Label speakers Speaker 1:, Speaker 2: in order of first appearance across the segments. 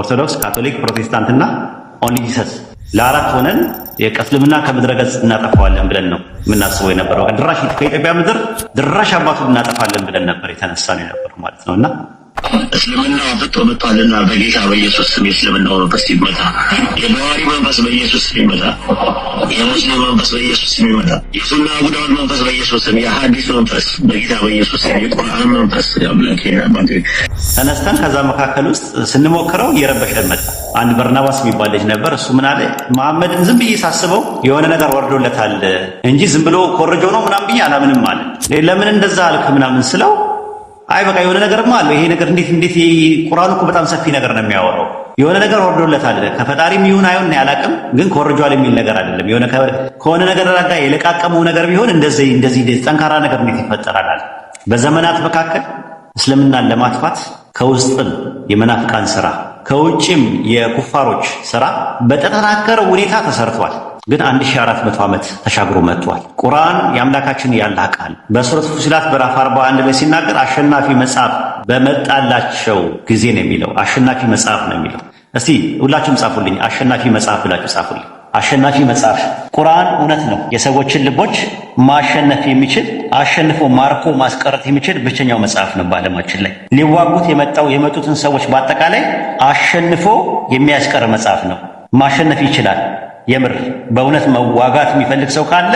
Speaker 1: ኦርቶዶክስ፣ ካቶሊክ፣ ፕሮቴስታንት እና ኦንሊ ጂሰስ ለአራት ሆነን የቀስልምና ከምድረ ገጽ እናጠፋዋለን ብለን ነው የምናስበው የነበረው። ድራሽ ከኢትዮጵያ ምድር ድራሽ አባቱን እናጠፋለን ብለን ነበር የተነሳ ነው የነበሩ ማለት ነው እና
Speaker 2: እስልምና ወጥቶ መጥቷልና በጌታ በኢየሱስ ስም የእስልምና መንፈስ ይመታ፣ የነዋሪ መንፈስ በኢየሱስ ስም ይመታ። የሙስሊም መንፈስ በኢየሱስ ስም ይመጣ። የሱና ጉዳዮች
Speaker 1: መንፈስ በኢየሱስ ስም፣ የሀዲስ መንፈስ በጌታ በኢየሱስ ስም፣ የቁርአን መንፈስ ያምላክ አባቴ ተነስተን ከዛ መካከል ውስጥ ስንሞክረው እየረበሸን መጣ። አንድ በርናባስ የሚባል ልጅ ነበር። እሱ ምን አለ መሐመድን ዝም ብዬ ሳስበው የሆነ ነገር ወርዶለታል እንጂ ዝም ብሎ ኮረጆ ነው ምናምን ብዬ አላምንም አለ። ለምን እንደዛ አልክ ምናምን ስለው አይ በቃ የሆነ ነገርማ አለው። ይሄ ነገር እንዴት እንዴት ቁርአን እኮ በጣም ሰፊ ነገር ነው የሚያወራው የሆነ ነገር ወርዶለት ወርዶለታል ከፈጣሪም ይሁን አይሁን አላውቅም፣ ግን ኮርጇል የሚል ነገር አይደለም። የሆነ ከሆነ ነገር ጋ የለቃቀመው ነገር ቢሆን እንደዚህ እንደዚህ ጠንካራ ነገር እንዴት ይፈጠራል? በዘመናት መካከል እስልምናን ለማጥፋት ከውስጥም የመናፍቃን ስራ ከውጭም የኩፋሮች ስራ በተጠናከረ ሁኔታ ተሰርቷል። ግን 1400 ዓመት ተሻግሮ መጥቷል። ቁርአን የአምላካችን ያላህ ቃል በሱረት ፉሲላት በራፍ 41 ላይ ሲናገር አሸናፊ መጽሐፍ በመጣላቸው ጊዜ ነው የሚለው። አሸናፊ መጽሐፍ ነው የሚለው። እስቲ ሁላችሁም ጻፉልኝ፣ አሸናፊ መጽሐፍ ብላችሁ ጻፉልኝ። አሸናፊ መጽሐፍ ቁርአን እውነት ነው። የሰዎችን ልቦች ማሸነፍ የሚችል አሸንፎ ማርኮ ማስቀረት የሚችል ብቸኛው መጽሐፍ ነው በዓለማችን ላይ። ሊዋጉት የመጣው የመጡትን ሰዎች በአጠቃላይ አሸንፎ የሚያስቀር መጽሐፍ ነው። ማሸነፍ ይችላል። የምር በእውነት መዋጋት የሚፈልግ ሰው ካለ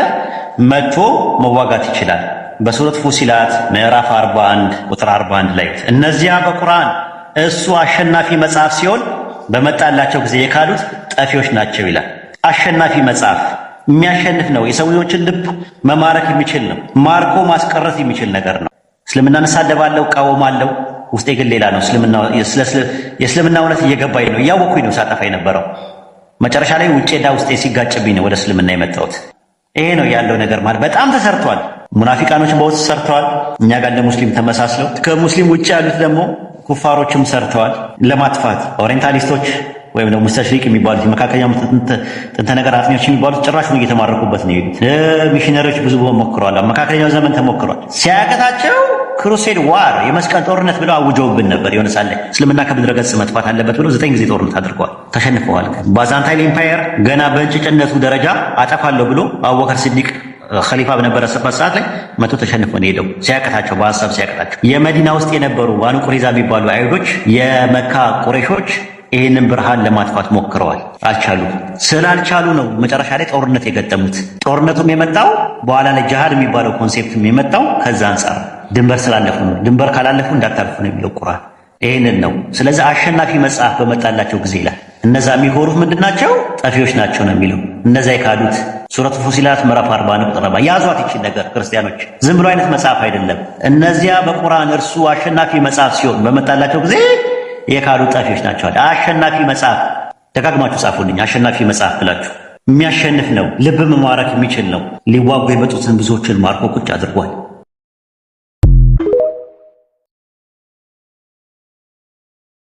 Speaker 1: መጥቶ መዋጋት ይችላል። በሱረት ፉሲላት ምዕራፍ 41 ቁጥር 41 ላይ እነዚያ በቁርአን እሱ አሸናፊ መጽሐፍ ሲሆን በመጣላቸው ጊዜ የካዱት ጠፊዎች ናቸው ይላል። አሸናፊ መጽሐፍ የሚያሸንፍ ነው። ልጆችን ልብ መማረክ የሚችል ነው። ማርኮ ማስቀረት የሚችል ነገር ነው። እስልምና እንሳደባለው፣ እቃወማለው። ውስጤ ግን ሌላ ነው። የእስልምና እውነት እየገባኝ ነው። እያወኩኝ ነው ሳጠፋ የነበረው መጨረሻ ላይ ዳ ውስጤ ሲጋጭብኝ ነው ወደ እስልምና የመጣሁት። ይሄ ነው ያለው ነገር ማለት በጣም ተሰርቷል። ሙናፊቃኖች በውስጥ ሰርተዋል። እኛ ጋር እንደ ሙስሊም ተመሳስለው ከሙስሊም ውጭ ያሉት ደግሞ ኩፋሮችም ሰርተዋል ለማጥፋት ኦሪንታሊስቶች ወይም ደግሞ ሙስተሽሪቅ የሚባሉት የመካከለኛ ጥንተ ነገር አጥኚዎች የሚባሉት ጭራሽ ነው እየተማረኩበት ነው የሄዱት። ሚሽነሪዎች ብዙ ሞክረዋል። መካከለኛው ዘመን ተሞክሯል። ሲያቀታቸው ክሩሴድ ዋር የመስቀል ጦርነት ብለው አውጀውብን ነበር። የሆነ ሳለ እስልምና ከምድረገጽ መጥፋት አለበት ብለው ዘጠኝ ጊዜ ጦርነት አድርገዋል። ተሸንፈዋል። ባዛንታይን ኢምፓየር ገና በእንጭጭነቱ ደረጃ አጠፋለሁ ብሎ አቡበከር ሲዲቅ ኸሊፋ በነበረበት ሰዓት ላይ መቶ ተሸንፎ ነው ሄደው ሲያቀታቸው፣ በሀሳብ ሲያቀታቸው የመዲና ውስጥ የነበሩ ባኑ ቁሪዛ የሚባሉ አይሁዶች የመካ ቁሬሾች ይህንን ብርሃን ለማጥፋት ሞክረዋል። አልቻሉ። ስላልቻሉ ነው መጨረሻ ላይ ጦርነት የገጠሙት። ጦርነቱም የመጣው በኋላ ላይ ጃሃድ የሚባለው ኮንሴፕትም የመጣው ከዛ አንጻር ድንበር ስላለፉ ነው። ድንበር ካላለፉ እንዳታልፉ ነው የሚለው ቁርአን ይህንን ነው። ስለዚህ አሸናፊ መጽሐፍ በመጣላቸው ጊዜ ይላል እነዛ የሚኮሩት ምንድናቸው? ጠፊዎች ናቸው ነው የሚለው እነዛ የካዱት ሱረቱ ፉሲላት ምዕራፍ 40 ቁጥር ያዟት ይችን ነገር ክርስቲያኖች፣ ዝም ብሎ አይነት መጽሐፍ አይደለም። እነዚያ በቁርአን እርሱ አሸናፊ መጽሐፍ ሲሆን በመጣላቸው ጊዜ የካዱ ጠፊዎች ናቸዋል። አሸናፊ መጽሐፍ ደጋግማችሁ ጻፉልኝ። አሸናፊ መጽሐፍ ብላችሁ የሚያሸንፍ ነው፣ ልብ መማረክ የሚችል ነው። ሊዋጉ የመጡትን ብዙዎችን ማርኮ ቁጭ አድርጓል።